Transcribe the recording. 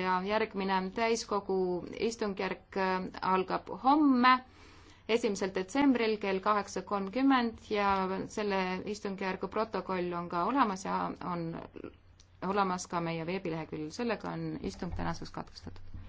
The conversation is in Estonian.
ja järgmine täiskogu istungjärk äh, algab homme, esimesel detsembril kell kaheksa kolmkümmend ja selle istungjärgu protokoll on ka olemas ja on olemas ka meie veebileheküljel. sellega on istung tänaseks katkestatud.